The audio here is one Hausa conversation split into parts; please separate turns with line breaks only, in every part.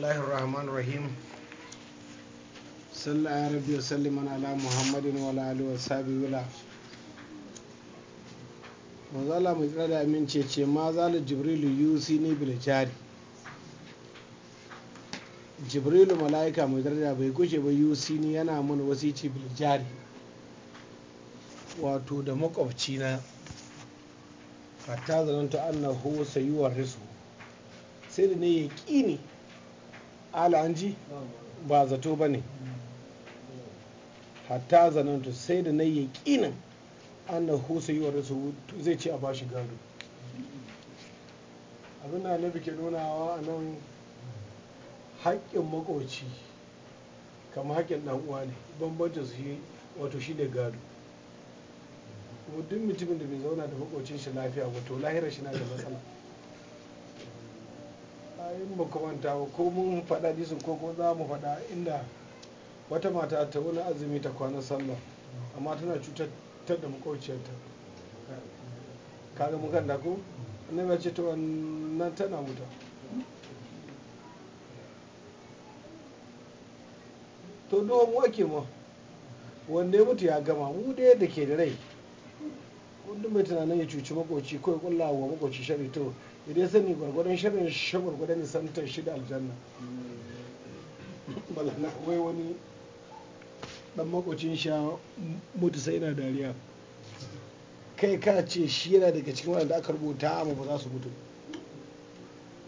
الله الرحمن الرحيم صلى الله ربي وسلم على محمد وعلى اله وصحبه ولا mazala mai tsada amince ce ma zalu jibrilu yusi ne bil jari jibrilu mala'ika mai daraja bai gushe ba yusi ne yana mana wasici bil jari wato da makwabci na hatta annahu sayuwar risu sai da ne ya ala an ji ba zato ba ne hatta zanantu sai da na yi ƙinin an na husa yi wa zai ce a ba shi gado abin da annabi ke nunawa a nan haƙƙin makoci kama haƙƙin ɗan uwa ne bambancin su yi wato shi ne gado kuma duk mutumin da bai zauna da makocin shi lafiya wato lahirar shi na da matsala ayin ba manta ba ko mun faɗa disin ko kuma za mu faɗa inda wata mata ta wani azumi ta kwana sallah amma tana cutar da makwauciyarta kaga mun kan ko na ya ce ta, wannan tana wuta to duwa mu ake ma wanda ya mutu ya gama mu da yadda ke da rai wanda mai tunanin ya cuci makoci ko ya kulla wa makoci shari'a to idan sai sani gwargwadon shirin shi gwargwadon nisantar shi da aljanna na kawai wani dan makocin sha mutu sai yana dariya kai ka ce shi yana daga cikin wanda aka rubuta amma ba za su mutu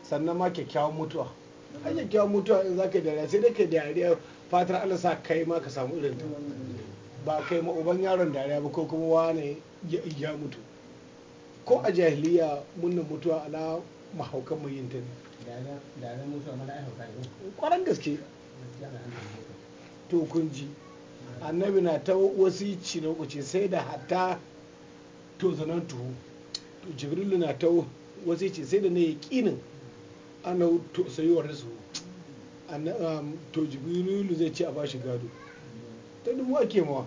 sannan ma kyakkyawan mutuwa an kyakkyawan mutuwa in za ka yi dariya sai dai ka dariya fatar allah sa kai ma ka samu irin ta ba kai ma uban yaron dariya ba ko kuma wane ya mutu ko a jahiliya munnan mutuwa ala mahaukan mai yin ta ne kwaran gaske to kun ji annabi na ta ci na kuce sai da hatta to zanen tuhu to jibrilu na ta wasu ci sai da na yi kinin ana to sayuwar su um, to jibrilu zai ci a bashi gado ta dubu ake mawa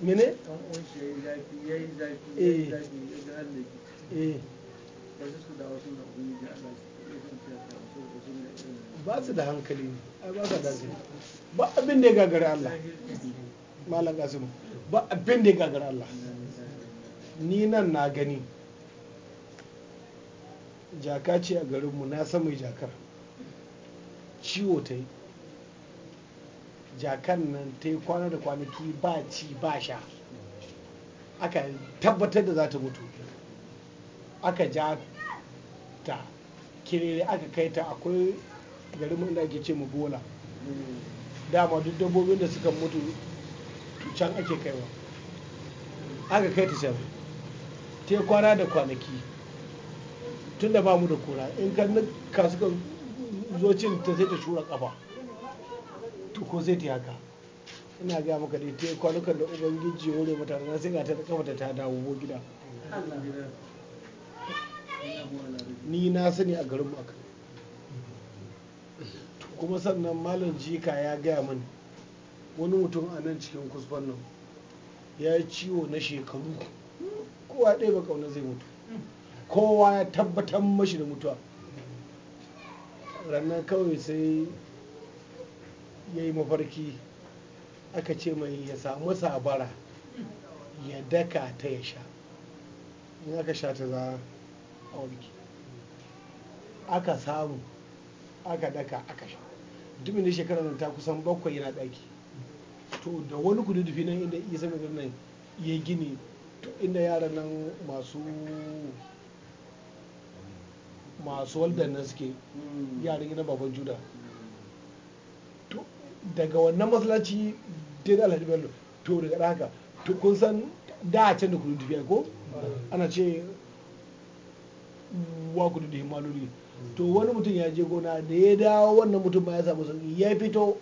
mene ba su da hankali ne ai ba ka dace ba abin da ya gagari Allah malam kasimu ba abin da ya gagari Allah ni nan na gani jaka ce a garinmu na san mai jakar ciwo ta yi jakan nan ta yi kwana da kwanaki ba ci ba sha aka tabbatar da za ta mutu aka ja ta kirere aka kai ta akwai garin wanda ake ce mu gola dama duk dabbobin da suka mutu can ake kaiwa aka kai ta can ta kwana da kwanaki tun da ba mu da kura in ka nuka suka zo cin ta sai ta shura kafa to ko zai ta haka ina ga maka dai ta kwanukan da ubangiji wuri mutane sai ga ta kafa ta ta dawo gida ni na sani a garin maka to kuma sannan malam jika ya gaya mani wani mutum a nan cikin kusban nan ya yi ciwo na shekaru kowa ɗaya ba kauna zai mutu kowa ya tabbatar mashi da mutuwa ranar kawai sai ya yi mafarki aka ce mai ya samu sabara ya daka ta ya sha in aka sha ta za a warki aka samu aka daka aka sha duk da shekarar nan ta kusan bakwai yana daki to da wani kududufi nan inda isa mai nan ya gini to inda yaran nan masu masu waldannan suke yaran yana baban juda daga wannan masallaci dai da alhaji bello to daga haka to kun san da a can da kudu tafiya ko ana ce wa kudu da himaloli to wani mutum ya je gona da ya dawo wannan mutum ba ya samu sauki ya fito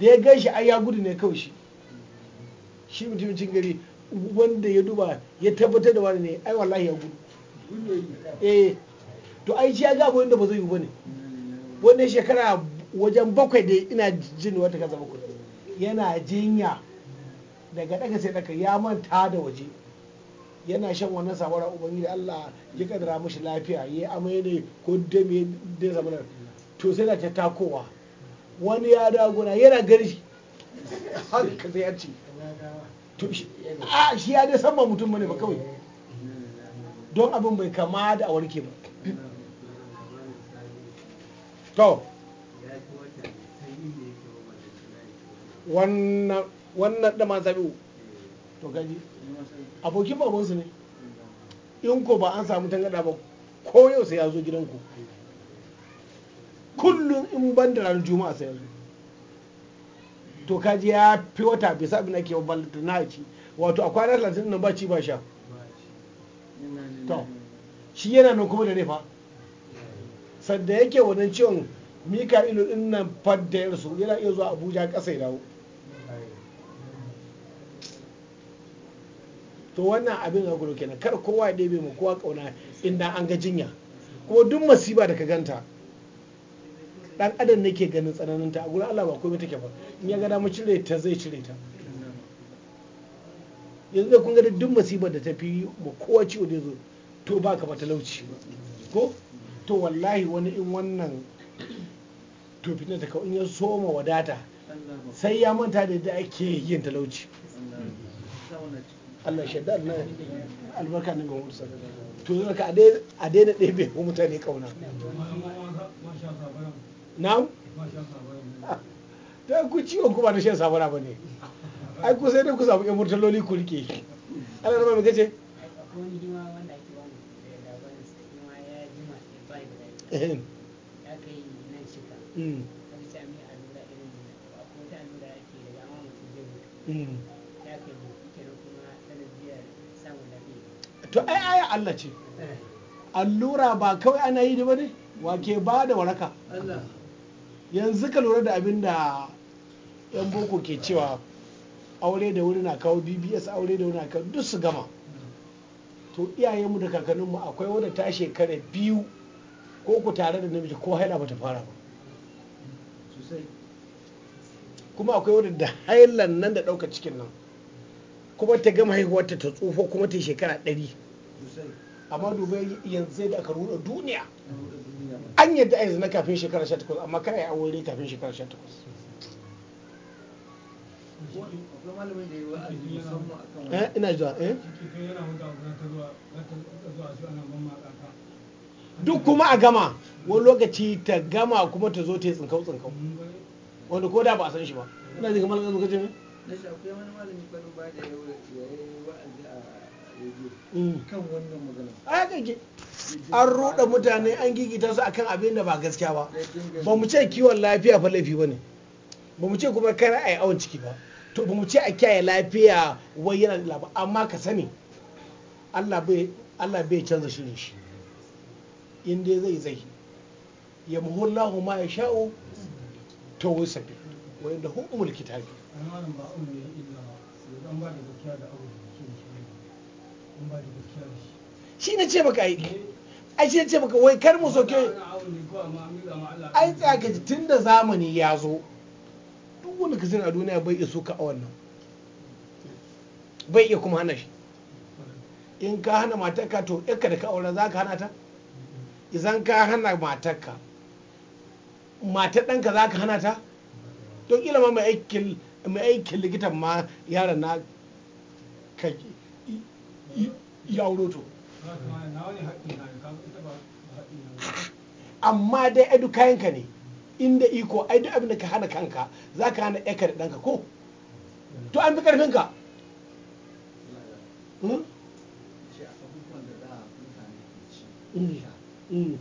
da ya gan shi ai ya gudu ne kawai shi shi mutumin cin gari wanda ya duba ya tabbatar da wani ne ai wallahi ya gudu eh to ai shi ya ga abin da ba zai yi ba ne wannan shekara wajen bakwai dai ina jin wata kaza bakwai yana jinya daga daga sai daga ya manta da waje yana shan wannan sabara ubangiji Allah ya kadara mishi lafiya ya amai ne ko dame da zama to sai da ta takowa wani ya daguna yana gari haka sai ya ce a shi ya dai san ba mutum bane ba kawai don abin bai kama da a warke ba to wannan wannan da man sabi'u to gaji abokin babansu ne in ko ba an samu tangada ba ko yau sai ya zo gidanku kullum in ban da ranar juma'a sai ya zo to kaji ya fi wata bisa abin ake ballata na ci wato a na talatin nan ba ci ba sha to shi yana nan kuma da nefa fa sadda yake wannan ciwon mika ilo din nan fadda yarsu yana iya zuwa abuja kasa ya dawo to wannan abin a gudu kenan kar kowa ya ɗebe mu kowa ƙauna inda an ga jinya kuma duk masiba da ka ganta dan adam nake ganin tsananin ta a gudun Allah ba komai take ba in ya ga mace cire ta zai cire ta yanzu da kun ga duk masiba da ta fi ma kowa ciwo da zo to ba ka ba talauci ko to wallahi wani in wannan to na ta in ya soma wadata sai ya manta da yadda ake yin talauci Allah shaida Allah albarka ne ga Muhammadu to yanzu ka a daina ɗebe wa mutane kauna na'am ta ku ciwon ku ba na shan sabara ba ne ai ku sai dai ku samu yan murtaloli ku rike Allah rama mai kace Ehem. Ya kai nan Mm. a irin ake da mutu. Hmm. to ai aya Allah ce allura ba kawai ana yi da ba ne wake ba da waraka yanzu ka lura da abin da yan boko ke cewa aure da wuri na kawo bbs aure da wuri na kawo duk su gama to iyayenmu da kakanninmu akwai wadda ta shekara biyu ko ku tare da namiji ko haila bata fara ba kuma akwai wadda da hailan nan da ɗauka cikin nan kuma ta gama haihuwarta ta tsufa kuma ta shekara ɗari amma dubai yanzu sai da aka ruɗa duniya an yadda a yanzu na kafin shekara 18 amma kar a yi aure kafin shekara 18 takwas. Eh, eh. duk kuma a gama wani lokaci ta gama kuma ta zo ta yi tsinkau tsinkau wanda ko da ba a san shi ba ina zai kamar lokacin akwai wani malami farin ba da wa'azi a mm. kan wannan magana a an ruɗa mutane an gigita su akan abin da ba gaskiya ba ba mu ce kiwon lafiya fa laifi ba ne ba mu ce kuma kar a yi awon ciki ba to ba mu ce a kyaye lafiya wai yana da labar amma ka sani Allah bai canza shirin shi inda zai zai ya muhullahu ma ya sha'o to wai sabi wa inda hukumul kitabi ba ba. ba illa an da da shi ne-shi ne-shi. na ce baka yi ai shi na ce maka wai kar mu soke ai tsakaci tun da zamani ya zo duk wani kasin a duniya bai iya soka a wannan bai iya kuma hana shi in ka hana matarka to ka da ka aure za ka hana ta Izan ka hana matarka matar ɗanka za ka hana ta to kila ma mai aikin mai aikin likitan ma yaron na ka ya to amma dai edu kayanka ne inda iko ai duk abin da ka hana kanka za ka hana eka da ɗanka ko to an fi ƙarfinka Mm. Mm.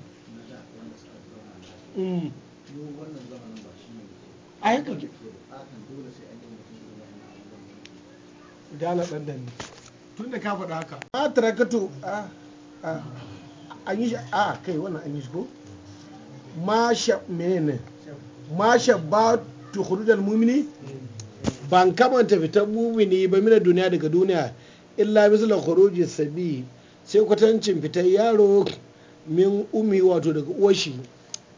Mm. Hmm. a yi kuke dala ɗan da ni tun da ka faɗa haka a ah, tarakato a ah, ah. an yi a kai wannan an yi shi ko masha mene masha ba tu hududal mumini ban kamanta fitar mumini ba mina duniya daga duniya illa misla khuruji sabi sai kwatancin fitar yaro min umi wato daga uwashi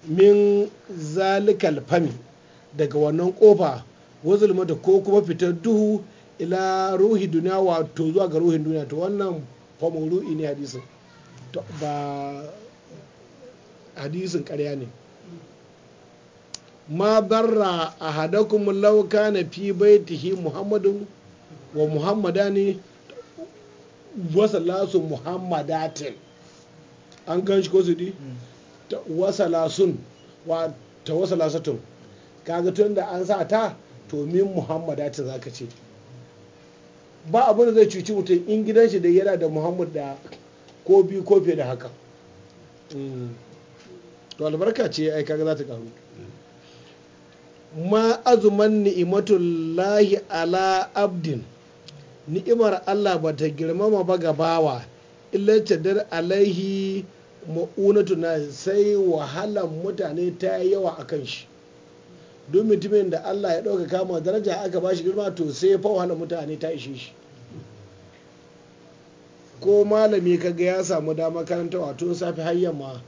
min zalikal fami daga wannan kofa wazulma da ko kuma fitar duhu ila ruhi duniya wato zuwa ga ruhin duniya to wannan famuru'i ne hadisin ba hadisin karya ne ma barra a hadakun lauka na fi baitihi muhammadun wa muhammada ne wasalasun muhammadatin an gan shi ko su di mm. wasalasun wa ta wasalasatun kaga tun da an sa ta to min muhammadatin za ka ce ba abin da zai cuci mutum in gidan shi da yana da muhammad da ko bi ko fiye da haka hmm. to albarka ce ai kaga za ta karu ma azuman ni'imatullahi ala abdin ni'imar Allah ba ta girmama ba ga bawa illa alaihi ma'unatu na sai wahalan mutane ta yawa akan shi duk mutumin da Allah ya ɗauka kama daraja aka ba shi girma to sai fa mutane ta ishe shi ko malami kaga ya samu dama karanta wato safi hanyar ma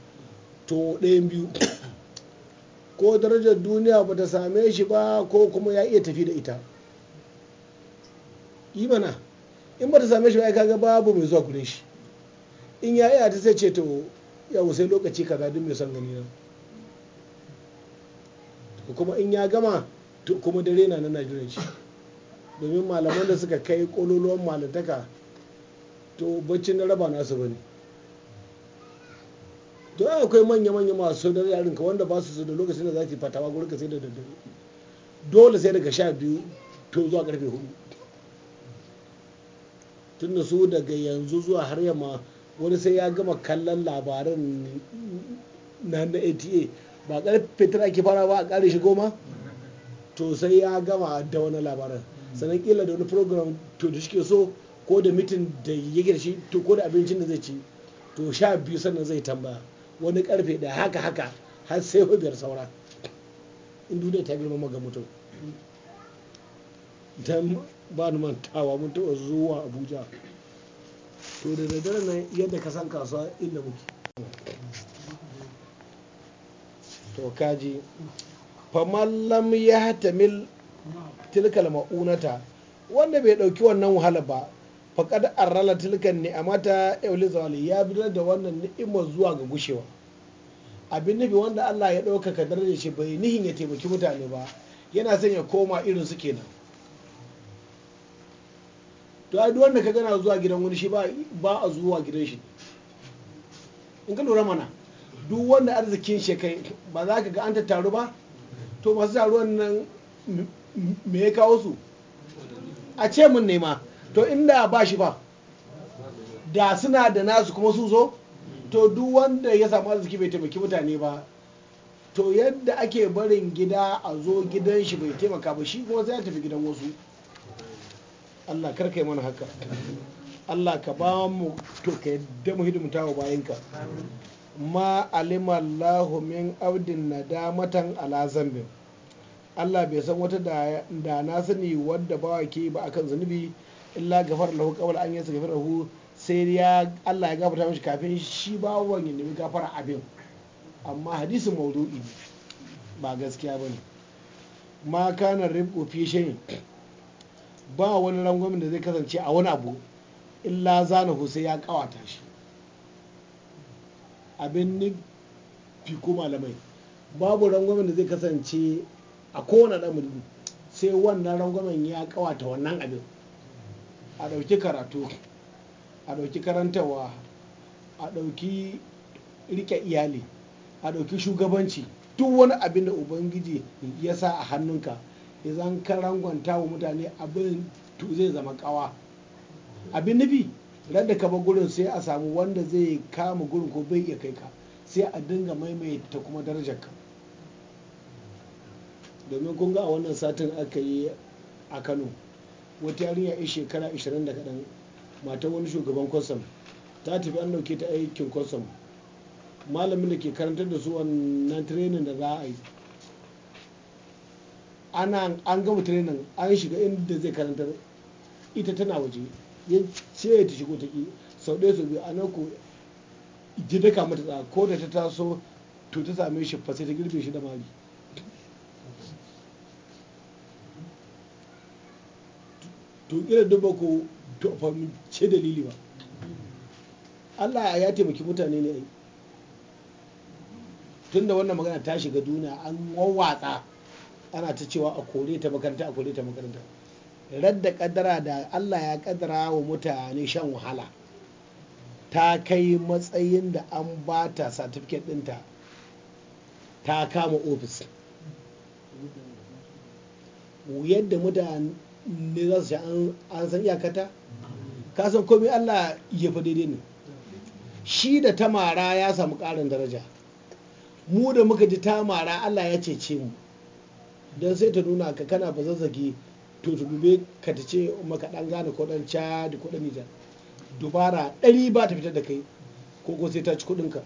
to ɗayan biyu ko darajar duniya ba ta same shi ba ko kuma ya iya tafi da ita yi mana in ba ta same shi ba ya kaga babu mai zuwa gurin shi in ya iya ta sai ce to yau sai lokaci kaza duk mai son gani na kuma in ya gama to kuma dare na na najeriya ce domin malaman da suka kai kololuwan malataka to baccin na raba nasu bane to akwai manya-manya masu da yarinka wanda ba su su da lokacin da za ki fatawa gurin ka sai da daddare dole sai daga sha biyu to zuwa karfe hudu tunda su daga yanzu zuwa har yamma wani sai ya gama kallon labaran na na ata ba karfe tara ake fara ba a kare shi goma to sai ya gama da wani labarin sannan kila da wani program to da shike so ko da mitin da yake da shi to ko da abincin da zai ci to sha biyu sannan zai tambaya wani karfe da haka haka har sai hobiyar saura in duniya ta girma maga mutum dan ba ni mantawa mun taɓa zuwa abuja to da daddare nan yadda ka san kasuwa inda muke to kaji famallam ya hatamil tilkal ma'unata wanda bai ɗauki wannan wahala ba faƙad arrala tilkan ni'amata eulizawali ya bidar da wannan ni'ima zuwa ga gushewa abin nufi wanda Allah ya ɗaukaka darajar shi bai nihin ya taimaki mutane ba yana son ya koma irin su kenan to ai wanda ka gana zuwa gidan wani shi ba a zuwa gidan shi in ka lura mana duk wanda arzikin shi ba za ka ga an ta taru ba to masu taruwan nan me ya kawo su a ce mun nema to inda ba shi ba da suna da nasu kuma su zo to duk wanda ya samu arziki bai taimaki mutane ba to yadda ake barin gida a zo gidan shi bai taimaka ba shi kuma sai ya tafi gidan wasu Allah karka yi mana haka Allah ka ba mu to ka yadda mu hidimta wa bayanka ma alimallahu min abdin nadamatan ala zambin Allah bai san wata da na sani wadda bawa ke ba akan zunubi illa gafar lahu qabla an yasa gafar lahu sai ya Allah ya gafarta mishi kafin shi bawan ya nemi gafara abin amma hadisin maudu'i ne ba gaskiya bane ma kana ribu fi ba wani rangwamin da zai kasance a wani abu illa zana sai ya kawata shi abin nufi ko malamai babu rangwamen da zai kasance a kowane ɗan sai wannan rangwamen ya kawata wannan abin a ɗauki karatu a ɗauki karantarwa a ɗauki rike iyali a ɗauki shugabanci duk wani abin da ubangiji ya sa a hannunka idan ka rangwanta wa mutane abin to zai zama kawa abin nufi idan ka kama gurin sai a samu wanda zai kama gurin ko bai iya kai ka sai a dinga maimaita kuma darajar ka domin kun ga a wannan satin aka yi a kano wata yarinya ya shekara 20 da kaɗan matar wani shugaban kwasam ta tafi an dauke ta aikin kwasam malamin da ke karantar da su wannan trenin da za a yi an gama trenin an shiga inda zai karantar ita tana waje ya ce ta shigo ta ki sau ɗaya sau biyu a nan ko ji daka mata tsaka ko da ta taso to ta same shi fa sai ta girbe shi da mari to kira duba ko to ce dalili ba Allah ya taimaki mutane ne ai tunda wannan magana ta shiga duniya an wawatsa ana ta cewa a kore ta makaranta a kore ta makaranta radda kadara da Allah ya kadara wa mutane shan wahala ta kai matsayin da an ba ta certificate dinta ta kama ofis yadda mutane za su an san iyakata ka san komai Allah ya fi daidai ne shi da tamara ya samu karin daraja mu da muka ji ta mara Allah ya cece mu don sai ta nuna ka kana ba zazzage to zubube ka ta ce maka dan gane ko dan chad ko dan nijar dubara ɗari ba ta fitar da kai ko ko sai ta ci kuɗinka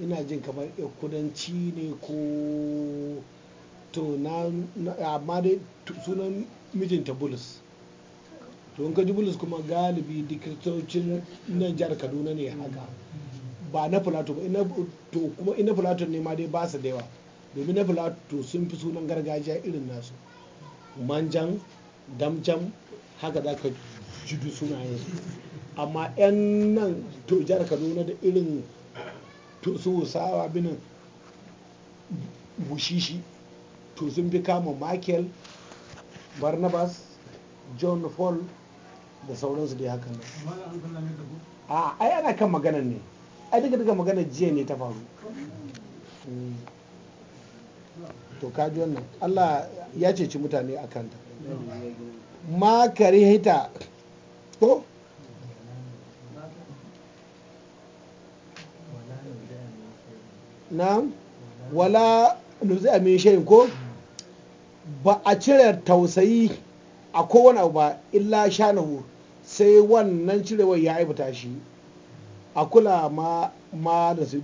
ina jin kamar kudanci ne ko to na amma dai sunan mijinta bulus to in ka ji bulus kuma galibi dikirtocin na nan jihar kaduna ne haka ba na filato ba to kuma ina filato ne ma dai ba su da yawa domin na filato sun fi sunan gargajiya irin nasu manjan damjan haka za ka jidu sunayen amma 'yan nan to jihar kaduna da irin to su sawa binin bushishi to sun fi kama michael barnabas john paul da sauransu da haka nan a ai ana kan maganan ne ai daga daga maganar jiya ne ta faru hmm. to kaji wannan Allah ya ceci mutane a kanta ma karihita ko na wala nuzi amin shayin ko ba a cire tausayi a kowane abu ba illa shanahu sai wannan cirewar ya aibata shi a kula ma, da su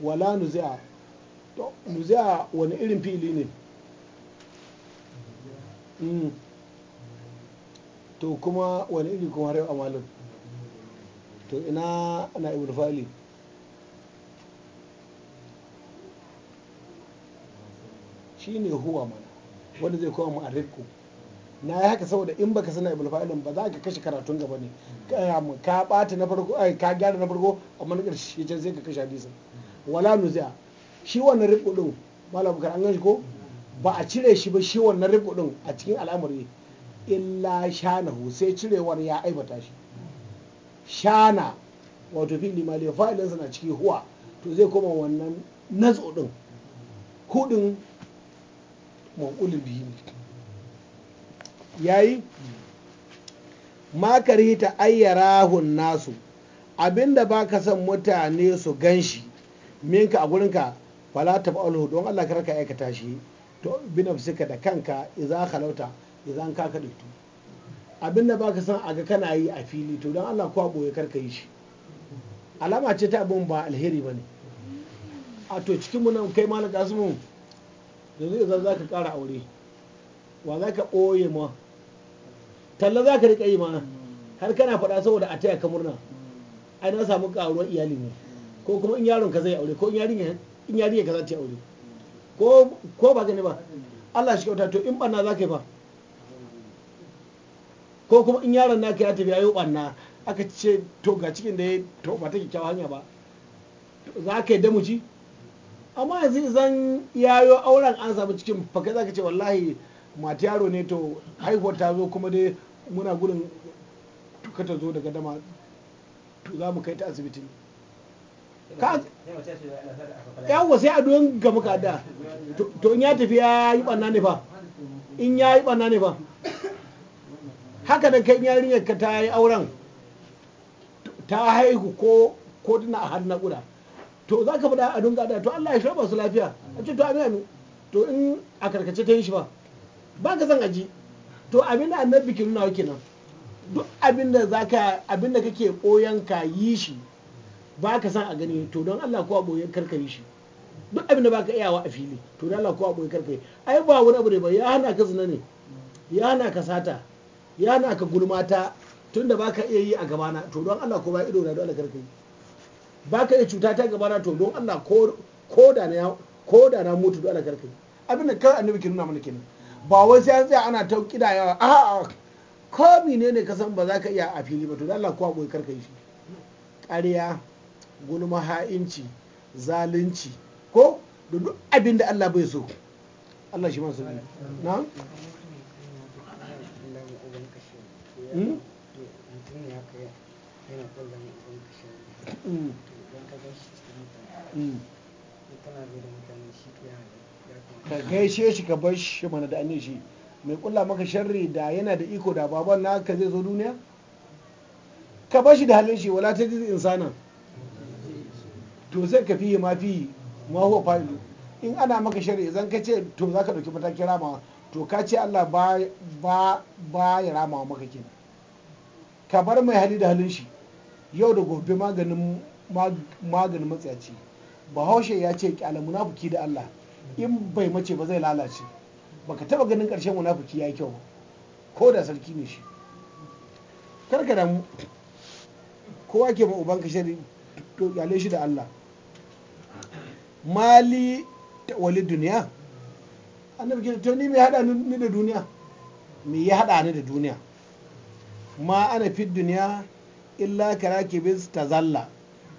wala a to a wani irin fili ne hmm. to kuma wani iri kuma har yau amalin to ina na ibn fali shi ne huwa mana wanda zai kowa mu a na yi haka saboda in baka sana ibn fa'ilin ba za ka kashe karatun gaba ne ka bata na farko ai ka gyara na farko amma na ƙarshe can sai ka kashe hadisin wala nuzi'a shi wannan riko din malam bukar an ganshi ko ba a cire shi ba shi wannan riko din a cikin al'amari illa hu sai cirewar ya aibata shi shana wato fi'li maliya fa'ilinsa na ciki huwa to zai koma wannan nazo din hudin mankulin biyu ne yayi makari ta hun nasu abinda baka son mutane su gan shi minka a gurinka fala taf'alu don Allah kar ka aikata shi to bi nafsika da kanka idza khalauta idan ka ka Abin abinda baka san aga kana yi a fili to don Allah ko boye kar ka yi shi alama ce ta abin ba alheri bane a to cikin mu nan kai malam kasimu yanzu idan zaka ƙara aure wa zaka boye ma talla zaka rika yi ma har kana faɗa saboda a taya ka murna ai na samu ƙaruwar iyali ne ko kuma in yaron ka zai aure ko in yarinya in yarinya ka za ta aure ko ba ba ne ba Allah shi kyauta to in banna za ka yi ba ko kuma in yaron naka ya tafi yayi banna aka ce to ga cikin da ya to ba ta kyakkyawa hanya ba za ka yi damuci amma yanzu zan yayo auren an samu cikin fakai za ka ce wallahi mata yaro ne to haihuwar ta zo kuma dai muna gudun tukata ta zo daga dama to za mu kai ta asibiti yawwa sai a don gaba ka da to in ya tafi ya yi ɓanna ne fa in ya yi ɓanna ne fa haka da kai yarinyar ka ta yi auren ta haihu ko ko tana a hannun naƙuda to za ka faɗa a don gada to Allah ya shafa su lafiya a ce to amin amin to in a karkace ta yi shi ba ba ka san aji to abin da annabi ke nuna wa kenan duk abin da ka abin da kake koyan ka yi shi ba ka san a gani to don Allah ko aboye karkare shi duk abin da baka iyawa a fili to don Allah ko aboye karkare ai ba wani abu ne ba ya hana ka zina ne ya hana ka sata ya hana ka gulmata tunda baka iya yi a gabana to don Allah ko ba ido na Allah karkare baka iya cuta ta gabana to don Allah ko ko da na ko da na mutu don Allah karkare abin da kar annabi ke nuna mana kenan ba wai sai an tsaya ana ta kida yawa a'a ko ne ka san ba za ka iya a fili ba to don Allah ko aboye karkare shi ƙarya gulma ha'inci zalunci ko da duk abin da Allah bai so Allah shi masu biyu na ka gaishe shi ka bar shi mana da annin shi mai kulla maka sharri da yana da iko da baban ka zai zo duniya ka bar shi da halin shi wala ta jizi insanan to sai ka fiye ma fiye ma huwa fa'ilu in ana maka shari'a zan ka ce to za ka ɗauki matakin ramawa to ka ce Allah ba ya ramawa maka kenan ka bar mai hali da halin shi yau da gobe maganin maganin matsayaci bahaushe ya ce kyala munafuki da Allah in bai mace ba zai lalace baka taba ganin ƙarshen munafuki ya kyau ko da sarki ne shi karka damu kowa ke ma ubanka shari to yale shi da Allah mali da wali duniya annabi ke to ni mai hada ni da duniya mai ya hada ni da duniya ma ana fi duniya illa karakibis ta zalla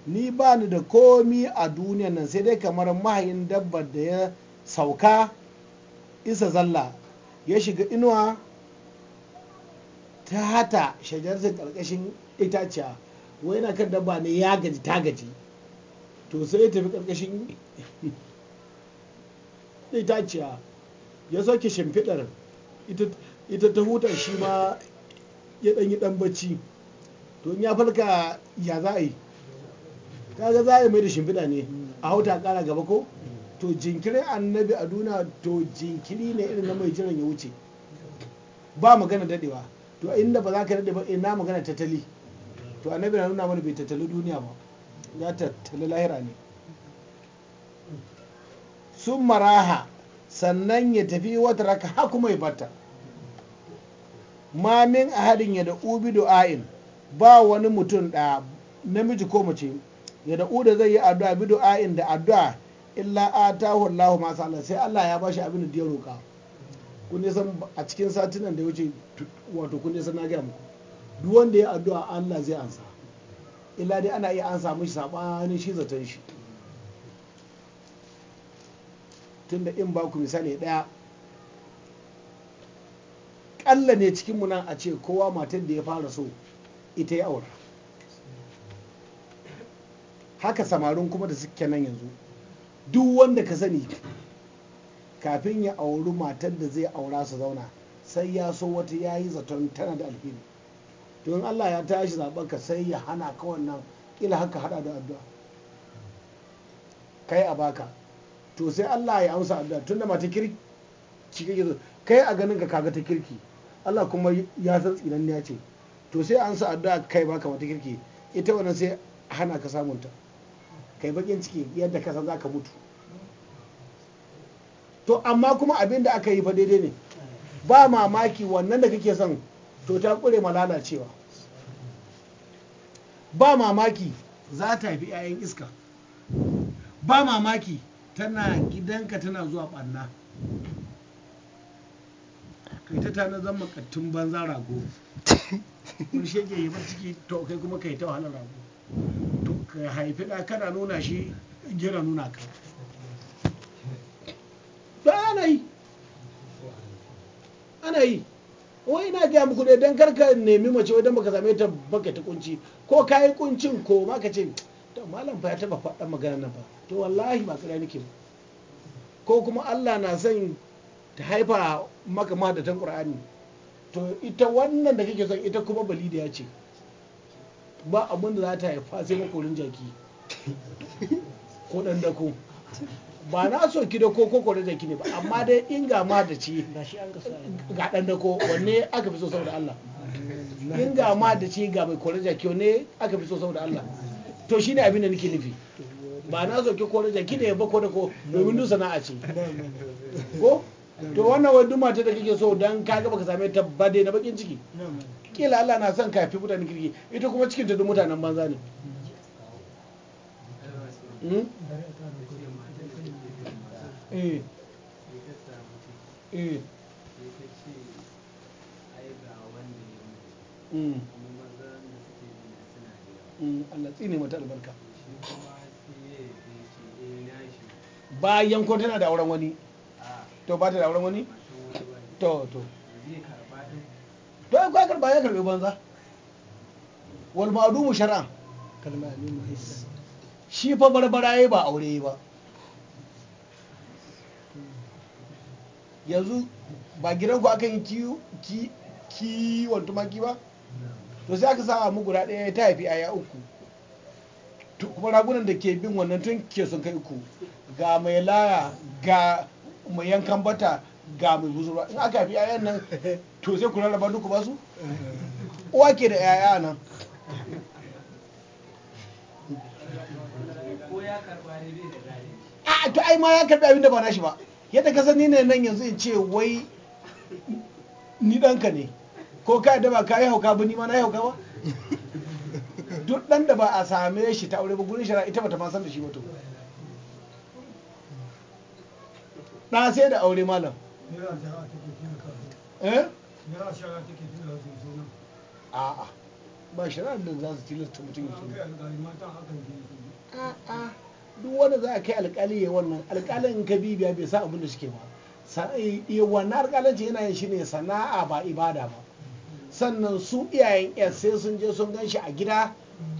ni ba ni da komi a duniya nan sai dai kamar mahayin dabbar da ya sauka isa zalla ya shiga inuwa ta hata shajarsa karkashin itaciya wai na kan dabba ne ya gaji ta gaji to sai ya tafi ƙarƙashin itaciya ya soke shimfiɗar ita ta hutar shi ma ya ɗanyi ɗan bacci to in ya farka ya za a yi ta za a yi mai da shimfiɗa ne a hauta ƙara gaba ko to jinkirin annabi a duna to jinkiri ne irin na mai jiran ya wuce ba magana daɗewa to inda ba za ka daɗe ba ina magana tattali to annabi na nuna mana bai tattali duniya ba ya tattali lahira ne sun maraha sannan ya tafi wata raka ha kuma ya bata mamin a hadin ya da ubi du'a'in ba wani mutum da namiji ko mace ya da da zai yi addu'a bi du'a'in da addu'a illa a atahu Allahu ma sala sai Allah ya bashi abin da ya roƙa kun ne san a cikin satinan da ya wuce wato kun ne san na gaya muku duk wanda ya addu'a Allah zai ansa illa dai ana iya an samu shi sabanin shi zaton shi tunda in ba ku misali daya kalla ne cikin mu nan a ce kowa matar da ya fara so ita ya aura haka samarin kuma da suke nan yanzu duk wanda ka sani kafin ya auri matar da zai aura su zauna sai ya so wata ya yi zaton tana da alfini to in Allah ya tashi zaɓar ka sai ya hana ka wannan kila haka hada da addu'a kai a baka to sai Allah ya amsa addu'a tunda ma ta kirki kake zo kai a ganin ka kaga ta kirki Allah kuma ya san tsinan ya ce to sai an sa addu'a kai baka mata kirki ita wannan sai hana ka samunta kai bakin ciki yadda ka san za ka mutu to amma kuma abin da aka yi fa daidai ne ba mamaki wannan da kake son to ta kure ma lalacewa ba mamaki za ta fi 'ya'yan iska ba mamaki tana gidanka tana zuwa ɓanna kai ta tana zama makattun banza rago kun shege yi ba ciki to kai kuma kai ta wahala rago to ka haifi ɗa kana nuna shi gira nuna ka ba ana yi ana yi wai ina gaya muku ne don karka nemi mace wadda baka same ta baka ta kunci ko ka kuncin ko ma ka ce to malam fa ya taba faɗan magana nan ba. to wallahi ba kira nake ko kuma Allah na son ta haifa maka madatan Qur'ani to ita wannan da kake son ita kuma balidiya ce ba abin da za ta haifa sai makorin jaki ko dan dako ba na so ki da ko ko da ki ne ba amma dai in ga ma da ci ga dan da ko wanne aka fi so saboda Allah in ga ma da ci ga mai kore da ki ne aka fi so saboda Allah to shine abin da nake nufi ba na so ki kore da ki ne ba ko da ko domin duk sana'a ce ko to wannan wai duma ta da kike so dan ga baka same ta ba dai na bakin ciki kila Allah na son kafi mutanen kirki ita kuma cikin ta duk mutanen banza ne hmm? eh, eh. Mm. Mm, tsine mata albarka. Bayan ko tana da auren wani? To ba ta da auren wani? To to. To karba ya karbi banza. Wal shar'an. Shi fa barbara ba aure ba. yanzu ba gidan ku aka yi kiwon tumaki ba to sai aka sa mu guda ɗaya ta haifi aya uku kuma ragunan da ke bin wannan tun ke sun kai uku ga mai laya ga mai yankan bata ga mai buzurwa in aka haifi aya nan to sai ku rarraba duku ba su uwa ke da yaya nan a to ai ma ya karbi abin da ba nashi ba yadda ka sani ne nan yanzu in ce wai ni ɗanka ne ko ka da ba ka yi hauka ba ni ma na yi hauka ba duk ɗan da ba a same shi ta aure ba gurin shara ita ba ta ma san da shi ba to sai da aure malam eh? a'a ba shara da za su tilasta mutum ya a'a duk wanda za a kai alkali ya wannan alkalin in ka bibiya bai sa abin da suke ba eh, eh, wannan alkalanci yana yin shi ne sana'a ba ibada ba sannan su iyayen yar sai sun je sun gan shi a gida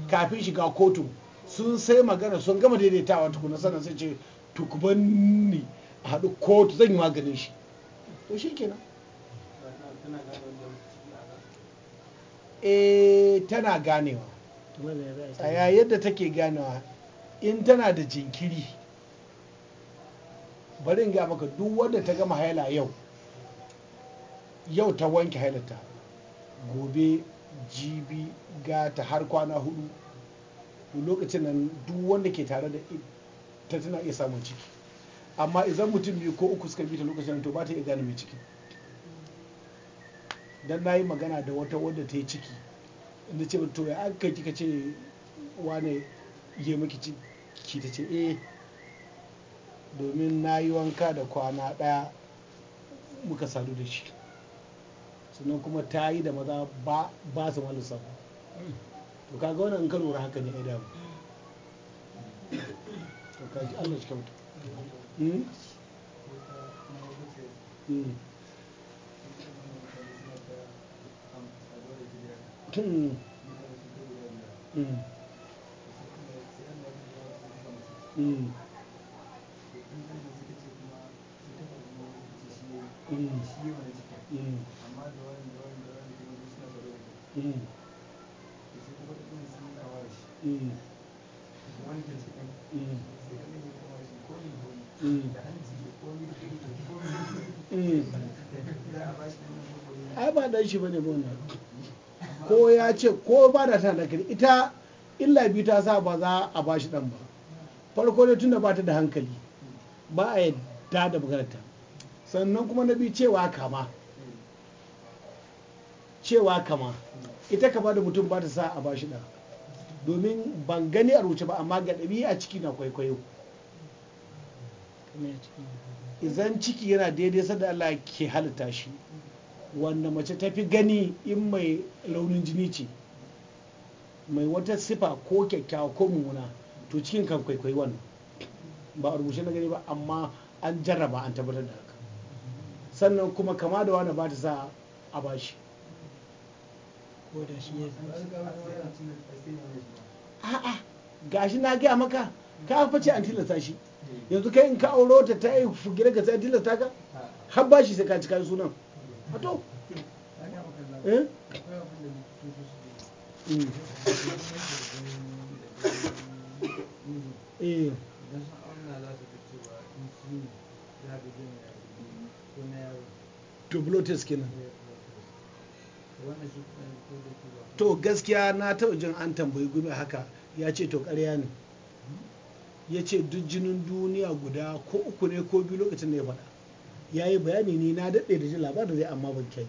kafin shiga kotu sun sai magana sun gama daidaitawa tukuna sannan sai ce tukubanni a haɗu kotu zan yi maganin shi to shi kenan eh tana ganewa a yadda take ganewa in tana da jinkiri bari in ga maka duk wanda ta gama haila yau yau ta wanke hailata gobe jibi gata har kwana hudu lokacin nan duk wanda ke tare da ita tana iya samun ciki amma idan mutum biyu ko uku suka bi ta lokacin to ba ta iya gane mai ciki Don na yi magana da wata wadda ta yi ciki inda ce to ya aka kika ce wane ya miki ciki ciki ta ce eh domin na yi wanka da kwana ɗaya muka sadu da shi sannan kuma ta yi da maza ba su wani sabu to kaga wannan ka lura haka ne ya damu to kaji Allah shi kyauta Mm-hmm. ai ba shi bane ko ya ce ko ba da ta ita illa biyu ta sa ba za a ba shi dan ba farko dai tunda ba ta da hankali ba a yadda da maganarta sannan kuma na biyu cewa kama cewa kama ita kama da mutum ba ta sa a bashi da domin ban gani a rubuce ba amma ga ɗabi a ciki na kwaikwayo izan ciki yana daidai sadda Allah ke halitta shi wanda mace ta fi gani in mai launin jini ce mai wata sifa ko kyakkyawa ko mummuna to cikin kan kwaikwayi wannan ba a rubuce na gani ba amma an jarraba an tabbatar da haka sannan kuma kama da wani ba ta sa a bashi a'a gashi na gaya maka ka fa ce an tilasta shi yanzu kai in ka auro ta ta yi fugire ka sai tilasta ka har bashi sai ka cika kayan sunan a to eh Eh. to kenan to gaskiya na taɓa jin an tambayi gumi haka ya ce to ƙarya ne ya ce duk jinin duniya guda ko uku ne ko biyu lokacin da ya faɗa ya yi bayani ne na daɗe da jin labarin zai amma ban kai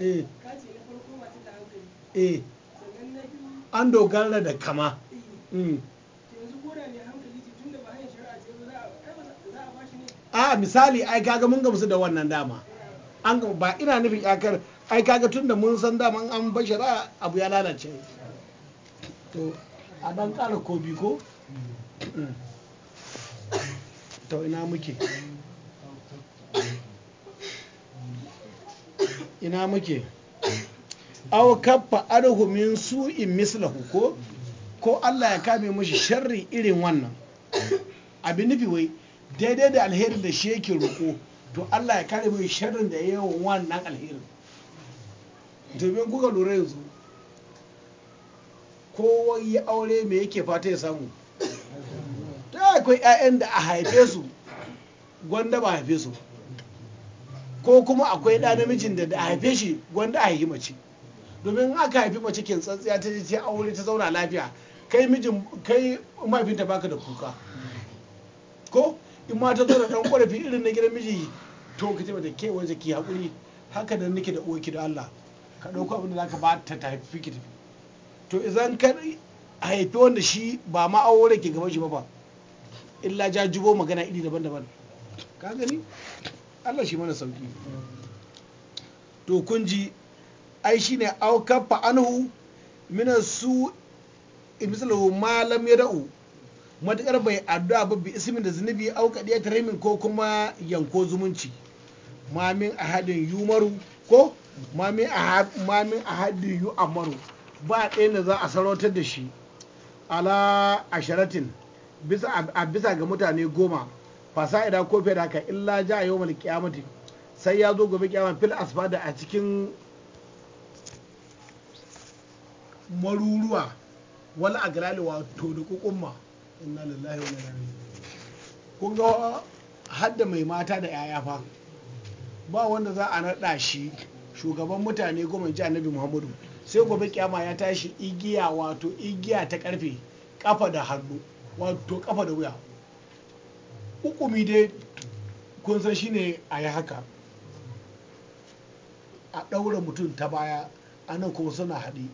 Eh. Eh. an dogara da kama eh. hmm. a misali ai kaga mun gamsu da wannan dama an ba ina nufin yakar ai kaga tun da mun san dama an bashara abu ya lalace to a dan kara ko ko hmm. to ina muke ina muke aw kaffa su min su'in mislahu ko ko Allah ya kame mushi sharri irin wannan abin nufi wai daidai da alheri da shi yake roƙo to Allah ya kare mai sharrin da ya yi wannan alherin domin kuka lura yanzu wai ya aure me yake fata ya samu ta akwai 'ya'yan da a haife su gwanda ba haife su ko kuma akwai ɗa namijin da a haife shi gwanda a haifi mace domin aka haifi mace kin tsantsiya ta je aure ta zauna lafiya kai mijin kai mahaifinta baka da kuka ko in ma ta zauna ɗan ƙorafi irin na gidan miji to ka ce mata ke wajen ki haƙuri haka da nake da uwarki da Allah ka ɗauko abin da zaka ba ta tafi ki tafi to idan ka haifi wanda shi ba ma aure ke gaban shi ba ba illa jajubo magana iri daban-daban ka gani Allah shi mana sauki to kun ji ai shine aukaffa anhu mina su imisalahu ma lam yada'u matukar bai addu'a ba bi ismin da zunubi auka ɗaya tarimin ko kuma yanko zumunci mamin ahadin yumaru ko mamin ahadin yu amaru ba ɗaya da za a sarautar da shi ala a bisa ga mutane goma Fasa fasa'ida ko fiye da haka illa ja a yawmal kiyamati sai ya zo gobe kiyama fil asfada a cikin maruruwa wal aglali wa to da kukumma inna lillahi wa inna ilaihi kun ga hadda mai mata da yaya fa ba wanda za a naɗa shi shugaban mutane goma ji annabi muhammadu sai gobe kiyama ya tashi igiya wato igiya ta karfe kafa da hannu wato kafa da wuya hukumi dai kun san shine a yi haka a ɗaura mutum ta baya nan kuma suna haɗi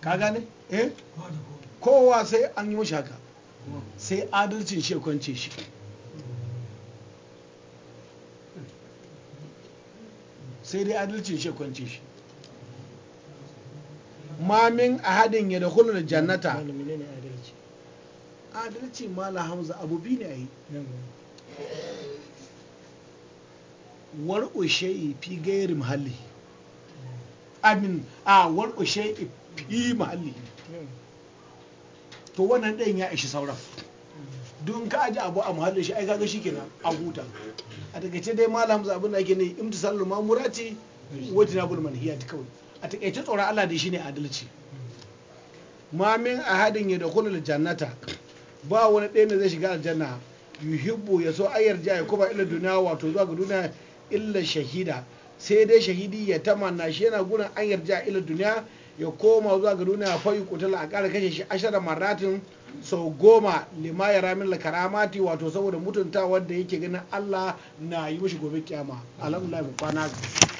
ka gane eh kowa sai an yi haka sai adalcin shi ya kwance shi sai dai adalcin shi ya kwance shi mamin a hadin ya da hular jannata adalci mala hamza abu biyu ne a yi war ushe fi gairi muhalli amin a war ushe fi muhalli to wannan ɗayan ya ishi sauran don ka aji abu a muhallin shi aika ga shi kenan a huta a takaice dai mala hamza abin da ake ne imtisalul mamurati wajnabul ta kawai a takaice tsoron Allah da shi ne adalci Mamin a ya da kula da jannata ba wani ɗaya da zai shiga aljanna yuhibbu ya so ayar ya kuma ila duniya wato zuwa ga duniya illa shahida sai dai shahidi ya na shi yana gurin an yarja ila duniya ya koma zuwa ga duniya fayu kutal a ƙara kashe shi ashara maratin sau goma lima ya ramin karamati wato saboda mutunta wanda yake ganin Allah na yi mashi gobe kyama alhamdulillah kwana